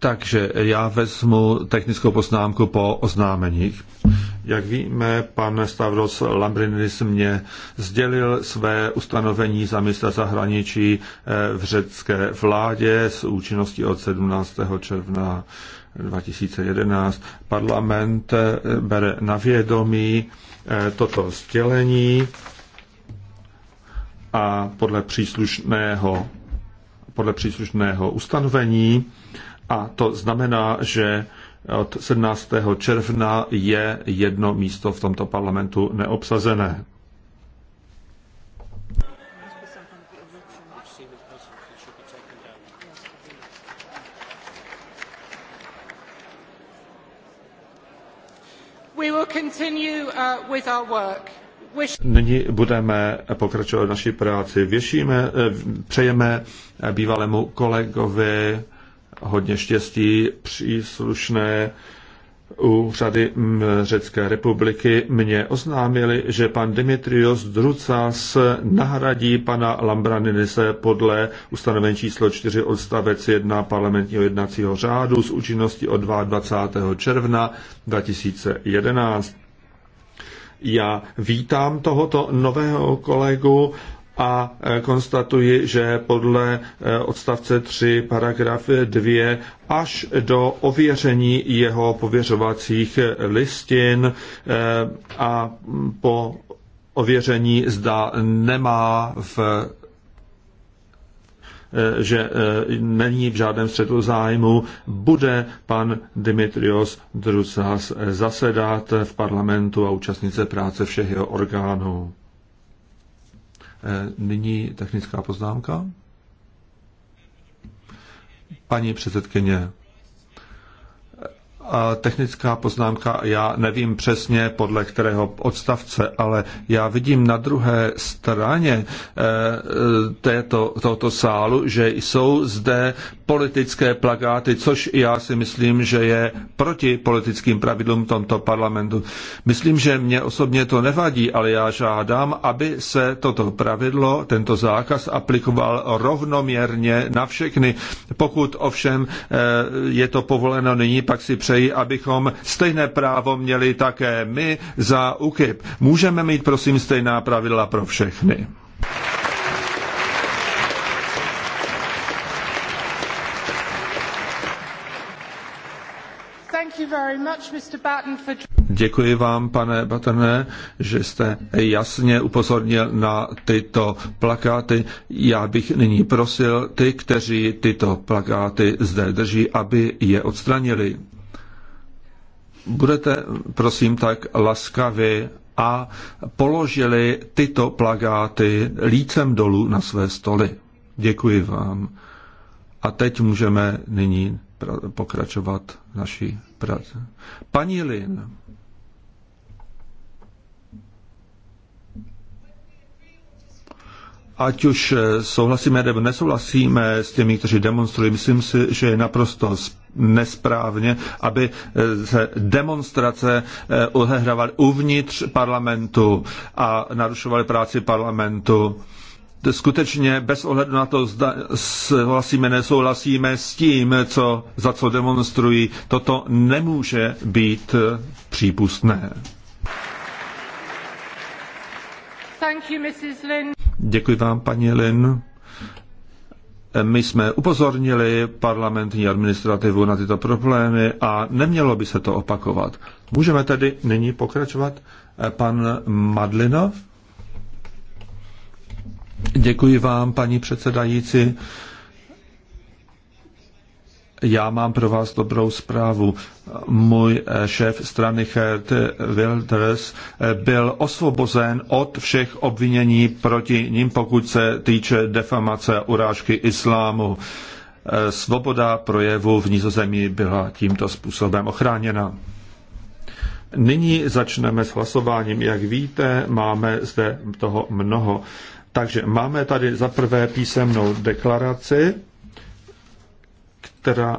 Takže já vezmu technickou poznámku po oznámeních. Jak víme, pan Stavros Lambrinis mě sdělil své ustanovení za ministra zahraničí eh, v řecké vládě s účinností od 17. června 2011. Parlament eh, bere na vědomí eh, toto sdělení a podle příslušného podle příslušného ustanovení a to znamená, že od 17. června je jedno místo v tomto parlamentu neobsazené. We will continue uh, with our work. Nyní budeme pokračovat naší práci. Věšíme, eh, přejeme eh, bývalému kolegovi hodně štěstí, příslušné úřady mm, Řecké republiky mě oznámili, že pan Dimitrios Drucas nahradí pana Lambraninise podle ustanovení číslo 4 odstavec 1 parlamentního jednacího řádu s účinností od 22. června 2011. Já vítám tohoto nového kolegu a e, konstatuji, že podle e, odstavce 3 paragraf 2 až do ověření jeho pověřovacích listin e, a po ověření zda nemá v Eh, že eh, není v žádném středu zájmu, bude pan Dimitrios Drusas eh, zasedat v parlamentu a účastnit se práce všech jeho orgánů. Nyní technická poznámka. Paní předsedkyně, technická poznámka, já nevím přesně podle kterého odstavce, ale já vidím na druhé straně eh, této, tohoto sálu, že jsou zde politické plakáty, což já si myslím, že je proti politickým pravidlům tomto parlamentu. Myslím, že mě osobně to nevadí, ale já žádám, aby se toto pravidlo, tento zákaz aplikoval rovnoměrně na všechny. Pokud ovšem eh, je to povoleno nyní, pak si přeji, abychom stejné právo měli také my za UKIP. Můžeme mít prosím stejná pravidla pro všechny. Děkuji vám, pane Batene, že jste jasně upozornil na tyto plakáty. Já bych nyní prosil ty, kteří tyto plakáty zde drží, aby je odstranili. Budete, prosím, tak laskavi a položili tyto plakáty lícem dolů na své stoly. Děkuji vám. A teď můžeme nyní pokračovat naší práci. Paní Lin. Ať už eh, souhlasíme nebo nesouhlasíme s těmi, kteří demonstrují, myslím si, že je naprosto nesprávně, aby eh, se demonstrace eh, odehrávaly uvnitř parlamentu a narušovaly práci parlamentu skutečně bez ohledu na to, zda souhlasíme, nesouhlasíme s tím, co, za co demonstrují, toto nemůže být eh, přípustné. You, Děkuji vám, paní Lin. My jsme upozornili parlamentní administrativu na tyto problémy a nemělo by se to opakovat. Můžeme tedy nyní pokračovat. Pan Madlinov? Děkuji vám, paní předsedající. Já mám pro vás dobrou zprávu. Můj eh, šéf strany Hert Wilders eh, byl osvobozen od všech obvinění proti ním, pokud se týče defamace a urážky islámu. Eh, svoboda projevu v Nizozemí byla tímto způsobem ochráněna. Nyní začneme s hlasováním. Jak víte, máme zde toho mnoho. Takže máme tady za prvé písemnou deklaraci, která